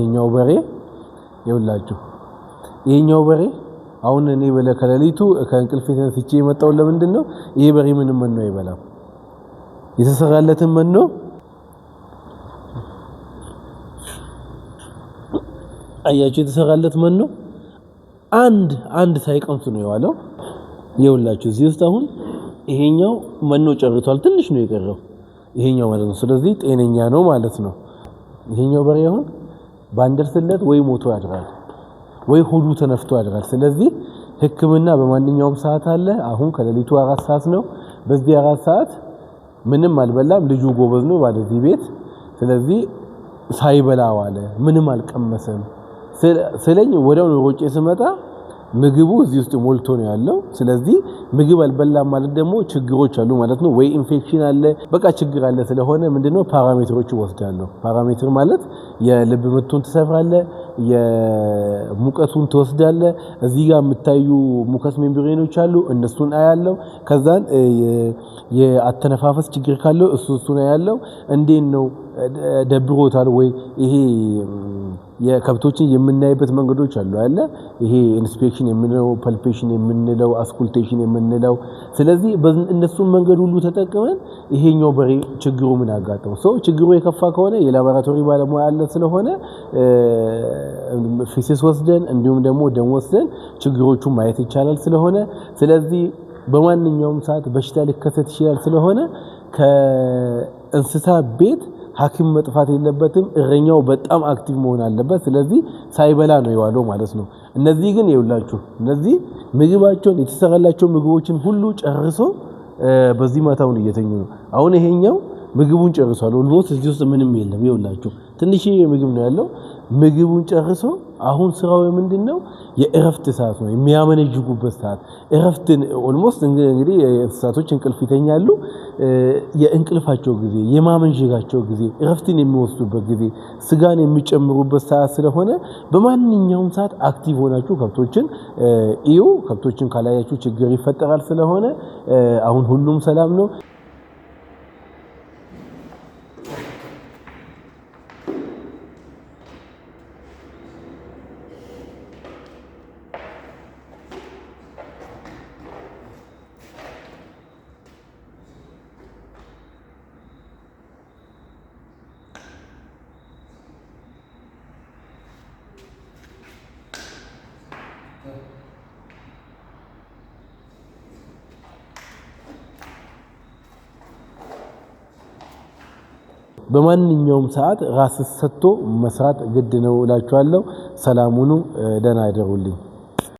ይሄኛው በሬ ይውላችሁ፣ ይህኛው በሬ አሁን እኔ በለ ከሌሊቱ ከእንቅልፌ ተነስቼ የመጣው ለምንድን ነው? ይሄ በሬ ምንም መኖ አይበላም። የተሰራለትን መኖ አያችሁ፣ የተሰራለት መኖ አንድ አንድ ሳይቀምሱ ነው የዋለው። ይውላችሁ እዚህ ውስጥ አሁን ይሄኛው መኖ ጨርቷል፣ ትንሽ ነው የቀረው ይሄኛው ማለት ነው። ስለዚህ ጤነኛ ነው ማለት ነው ይሄኛው በሬ አሁን ባንደርስለት ወይ ሞቶ ያድራል ወይ ሆዱ ተነፍቶ ያድራል። ስለዚህ ሕክምና በማንኛውም ሰዓት አለ። አሁን ከሌሊቱ አራት ሰዓት ነው። በዚህ አራት ሰዓት ምንም አልበላም፣ ልጁ ጎበዝ ነው ባለዚህ ቤት። ስለዚህ ሳይበላ ዋለ፣ ምንም አልቀመሰም ስለኝ ወዲያው ሮጬ ስመጣ ምግቡ እዚህ ውስጥ ሞልቶ ነው ያለው። ስለዚህ ምግብ አልበላም ማለት ደግሞ ችግሮች አሉ ማለት ነው። ወይ ኢንፌክሽን አለ፣ በቃ ችግር አለ። ስለሆነ ምንድነው ፓራሜትሮች ወስዳለሁ። ፓራሜትር ማለት የልብ ምቱን ትሰፍራለ፣ የሙቀቱን ትወስዳለ። እዚህ ጋር የምታዩ ሙከስ ሜምብሬኖች አሉ፣ እነሱን አያለው። ከዛን የአተነፋፈስ ችግር ካለው እሱ እሱን አያለው። እንዴት ነው ደብሮታል ወይ ይሄ የከብቶችን የምናይበት መንገዶች አሉ አለ ይሄ ኢንስፔክሽን የምንለው ፐልፔሽን የምንለው አስኩልቴሽን የምንለው ስለዚህ እነሱን መንገድ ሁሉ ተጠቅመን ይሄኛው በሬ ችግሩ ምን አጋጠመው ሰው ችግሩ የከፋ ከሆነ የላቦራቶሪ ባለሙያ አለ ስለሆነ ፊሲስ ወስደን እንዲሁም ደግሞ ደም ወስደን ችግሮቹ ማየት ይቻላል ስለሆነ ስለዚህ በማንኛውም ሰዓት በሽታ ሊከሰት ይችላል ስለሆነ ከእንስሳ ቤት ሐኪም መጥፋት የለበትም። እረኛው በጣም አክቲቭ መሆን አለበት። ስለዚህ ሳይበላ ነው የዋለው ማለት ነው። እነዚህ ግን ይውላችሁ እነዚህ ምግባቸውን የተሰራላቸው ምግቦችን ሁሉ ጨርሶ በዚህ ማታውን እየተኙ ነው። አሁን ይሄኛው ምግቡን ጨርሷል። ኦልሞስት እዚህ ውስጥ ምንም የለም። ይውላችሁ ትንሽ ምግብ ነው ያለው። ምግቡን ጨርሶ አሁን ስራው ምንድን ነው? የእረፍት ሰዓት ነው። የሚያመነጅጉበት ሰዓት እረፍትን ኦልሞስት እንግዲህ እንስሳቶች እንቅልፍ ይተኛሉ። የእንቅልፋቸው ጊዜ፣ የማመንጀጋቸው ጊዜ፣ እረፍትን የሚወስዱበት ጊዜ፣ ስጋን የሚጨምሩበት ሰዓት ስለሆነ በማንኛውም ሰዓት አክቲቭ ሆናችሁ ከብቶችን እዩ። ከብቶችን ካላያችሁ ችግር ይፈጠራል። ስለሆነ አሁን ሁሉም ሰላም ነው። በማንኛውም ሰዓት ራስ ሰጥቶ መስራት ግድ ነው እላችኋለሁ። ሰላሙኑ ደህና ያደሩልኝ።